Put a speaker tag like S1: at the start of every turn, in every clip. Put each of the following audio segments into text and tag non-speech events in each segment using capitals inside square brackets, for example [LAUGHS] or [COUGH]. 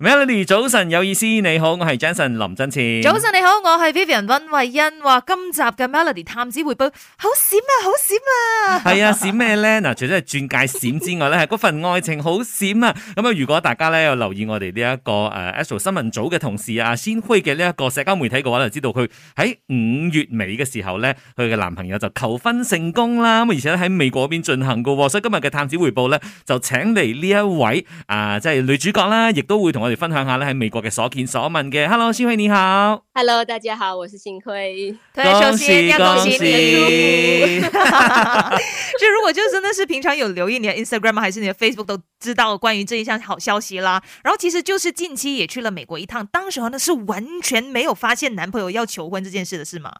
S1: Melody，早晨有意思，你好，我係 Jason 林振前。早晨你
S2: 好，我係 Vivian 溫慧欣。話今集嘅 Melody 探子回報好閃啊，好閃啊。係 [LAUGHS] 啊，
S1: 閃咩咧？嗱，除咗係鑽戒閃之外咧，係嗰 [LAUGHS] 份愛情好閃啊。咁啊，如果大家咧有留意我哋呢一個誒 Astro 新聞組嘅同事啊，心惠嘅呢一個社交媒體嘅話，就知道佢喺五月尾嘅時候咧，佢嘅男朋友就求婚成功啦。咁而且喺美國嗰邊進行噶，所以今日嘅探子回報咧，呃，就請嚟呢一位啊，即係女主角啦，亦都會同我。分享下呢，喺美國嘅所見所聞嘅，Hello，心惠你好
S3: ，Hello，大家好，我是心惠。首先要恭喜你，喜 [LAUGHS]
S2: [LAUGHS] 就如果就真的是平常有留意你嘅 Instagram，還是你嘅 Facebook 都知道關於這一項好消息啦。然後其實就是近期也去了美國一趟，當時候呢是完全沒有發現男朋友要求婚這件事嘅，是嗎？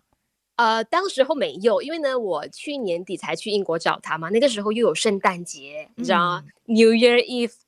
S3: 呃，當時候沒有，因為呢我去年底才去英國找他嘛，那個時候又有聖誕節，你知道、嗯、New Year Eve。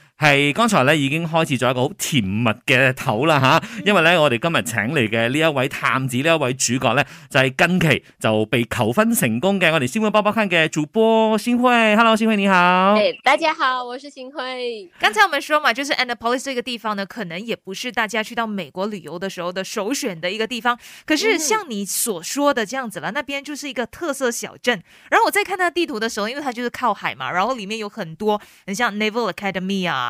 S1: 係，剛才咧已經開始咗一個好甜蜜嘅頭啦、嗯、因為咧我哋今日請嚟嘅呢一位探子，呢一位主角咧就係、是、近期就被求婚成功嘅我哋新聞包包嘅主播心惠。Hello，心惠你好、欸。
S2: 大家好，我是心惠。剛才我們說嘛，就是 Annapolis 呢個地方呢，可能也不是大家去到美國旅遊的時候的首選的一個地方。可是像你所說的這樣子啦，那邊就是一個特色小鎮。然後我再看它地圖嘅時候，因為佢就是靠海嘛，然後裏面有很多很像 Naval Academy 啊。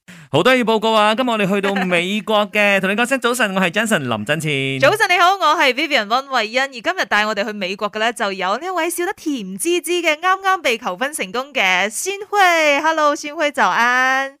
S1: 好多嘢要報告啊！今日我哋去到美國嘅，同 [LAUGHS] 你講聲早晨，我係 Jason 林振前。早
S2: 晨你好，我係 Vivian 溫慧欣，而今日帶我哋去美國嘅咧，就有呢位笑得甜滋滋嘅，啱啱被求婚成功嘅心惠。Hello，心惠早安。